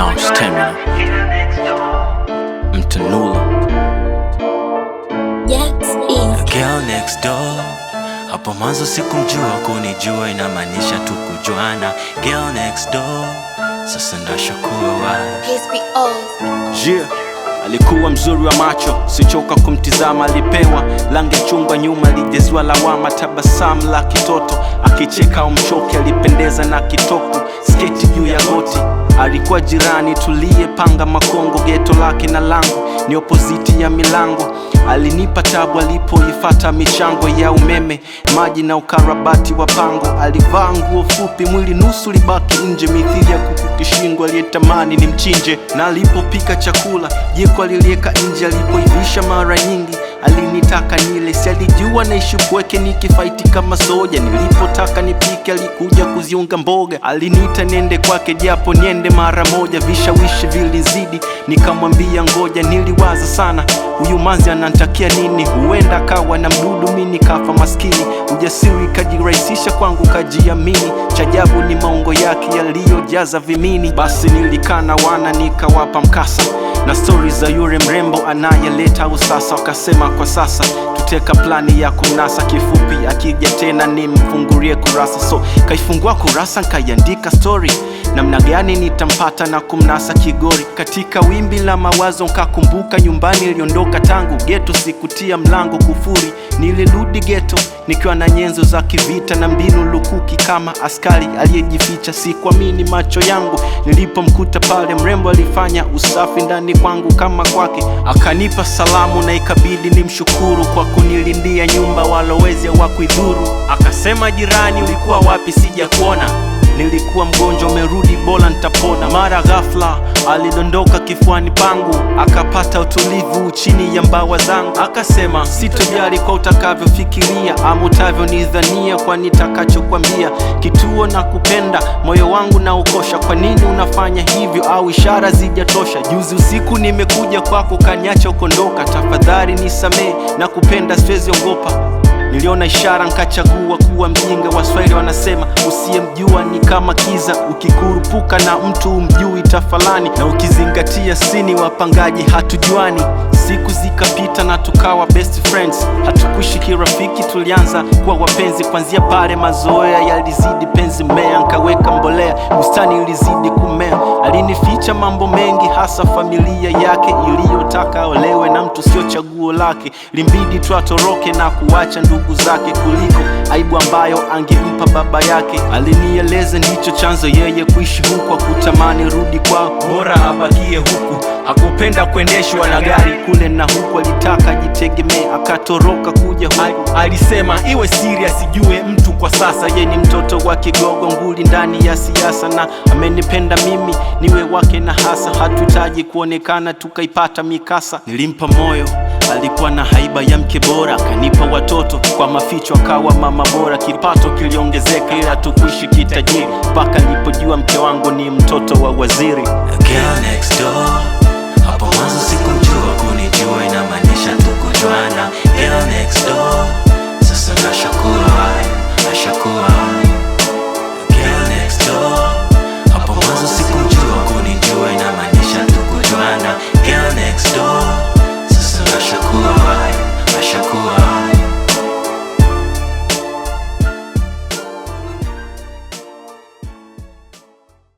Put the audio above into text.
Notch Terminal A Girl next door hapo mwanzo sikumjua, kunijua inamaanisha tu kujuana. Girl next door sasa ndashakuwa wa Alikuwa mzuri wa macho, sichoka kumtizama. Alipewa langi chungwa, nyuma alijeziwa lawama. Tabasamu la kitoto, akicheka umchoke. Alipendeza na kitoku, sketi juu ya goti. Alikuwa jirani tuliye, panga makongo. Geto lake na langu ni opoziti ya milango. Alinipa tabu alipoifata michango ya umeme, maji na ukarabati wa pango. Alivaa nguo fupi, mwili nusu libaki nje, mithili ya kuku kishingo aliyetamani ni mchinje. Na alipopika chakula, jiko alilieka nje alipoivisha mara nyingi alinitaka nile, si alijua naishi kweke nikifaiti kama soja. Nilipotaka nipike alikuja kuziunga mboga, alinita niende kwake japo niende mara moja. Vishawishi vilizidi, nikamwambia ngoja. Niliwaza sana, huyu manzi anantakia nini? Huenda akawa na mdudu, mi nikafa maskini. Ujasiri kajirahisisha kwangu, kajiamini. Chajabu ni maungo yake yaliyojaza vimini. Basi nilikana wana nikawapa mkasa na stori za yule mrembo anayeleta usasa, wakasema kwa sasa tuteka plani ya kunasa kifupi, akija tena ni mfungurie kurasa, so kaifungua kurasa nkaiandika story namna gani nitampata na kumnasa kigori. Katika wimbi la mawazo nkakumbuka nyumbani iliondoka tangu geto sikutia mlango kufuri, nilirudi geto nikiwa na nyenzo za kivita na mbinu lukuki kama askari aliyejificha. Sikuamini macho yangu nilipomkuta pale, mrembo alifanya usafi ndani kwangu kama kwake, akanipa salamu na ikabidi nimshukuru kwa kunilindia nyumba walowezi wa kuidhuru. Akasema, jirani, ulikuwa wapi? Sijakuona, nilikuwa mgonjwa bora ntapona. Mara ghafla alidondoka kifuani pangu, akapata utulivu chini ya mbawa zangu, akasema sitojali kwa utakavyofikiria ama utavyonidhania, kwa nitakachokwambia kituo na kupenda moyo wangu na ukosha. Kwa nini unafanya hivyo, au ishara zijatosha? Juzi usiku nimekuja kwako, kaniacha ukondoka. Tafadhali nisamee na kupenda, siwezi ogopa Niliona ishara nkachagua kuwa mjinga. Waswahili wanasema usiyemjua ni kama kiza, ukikurupuka na mtu umjui tafalani, na ukizingatia sini wapangaji hatujuani. Siku zikapita na tukawa best friends, hatukuishi kirafiki, tulianza kuwa wapenzi. Kwanzia pale mazoea yalizidi penzi, mmea nkaweka mbolea, bustani ilizidi kumea. Alinificha mambo mengi, hasa familia yake iliyotaka olewe na mtu sio chaguo lake, limbidi twatoroke na kuacha ndugu ndugu zake kuliko aibu ambayo angempa baba yake. Alinieleza ndicho chanzo yeye kuishi huku, akutamani rudi kwao, bora abakie huku. Hakupenda kuendeshwa na gari kule na huku, alitaka ajitegemee, akatoroka kuja huku. Alisema iwe siri asijue mtu kwa sasa, ye ni mtoto wa kigogo nguli ndani ya siasa, na amenipenda mimi niwe wake, na hasa hatuhitaji kuonekana tukaipata mikasa. Nilimpa moyo alikuwa na haiba ya mke bora, kanipa watoto kwa maficho, akawa mama bora. Kipato kiliongezeka, ila tukuishi kitajiri, mpaka nilipojua mke wangu ni mtoto wa waziri. Girl next door, hapo mwanzo sikumjua, kunijua inamaanisha tukujuana. Girl next door